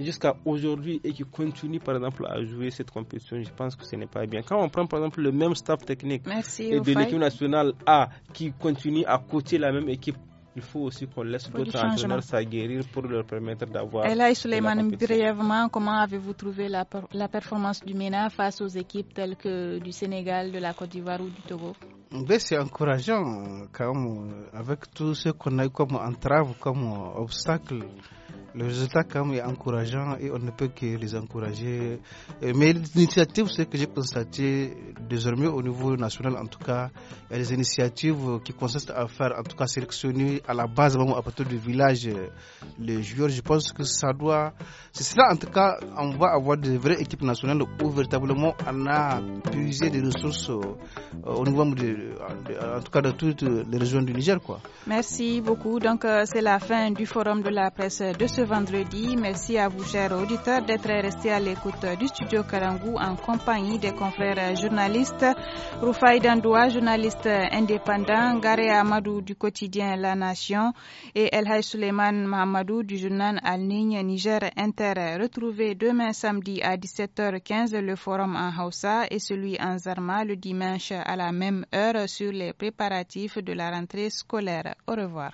E: jusqu'à aujourd'hui et qui continuent, par exemple à jouer cette compétition, je pense que ce n'est pas bien. Quand on prend par exemple le même staff technique et de l'équipe nationale A qui continue à coacher la même équipe il faut aussi qu'on laisse d'autres entraîneurs s'aguerrir pour leur permettre d'avoir. Et là, Suleiman,
A: brièvement, comment avez-vous trouvé la, performance du MENA face aux équipes telles que du Sénégal, de la Côte d'Ivoire ou du Togo
D: C'est encourageant, euh, euh, avec tout ce qu'on a eu comme entrave, comme euh, obstacle. Le résultat, quand même, est encourageant et on ne peut que les encourager. Euh, mais l'initiative, c'est que j'ai constaté désormais au niveau national, en tout cas, il y des initiatives qui consistent à faire, en tout cas, sélectionner à la base, à partir du village, les joueurs. Je pense que ça doit. C'est cela, en tout cas, on va avoir des vraies équipes nationales où véritablement on a puisé des ressources euh, au niveau, de, en tout cas, de toutes les régions du Niger. Quoi.
A: Merci beaucoup. Donc, euh, c'est la fin du forum de la presse de ce vendredi. Merci à vous, chers auditeurs, d'être restés à l'écoute du studio Karangou en compagnie des confrères journalistes Rufai Dandoua, journaliste indépendant, Gare Amadou du quotidien La Nation et El Suleiman Mahamadou du journal Al Niger Inter. Retrouvez demain samedi à 17h15 le forum en Hausa et celui en Zarma le dimanche à la même heure sur les préparatifs de la rentrée scolaire. Au revoir.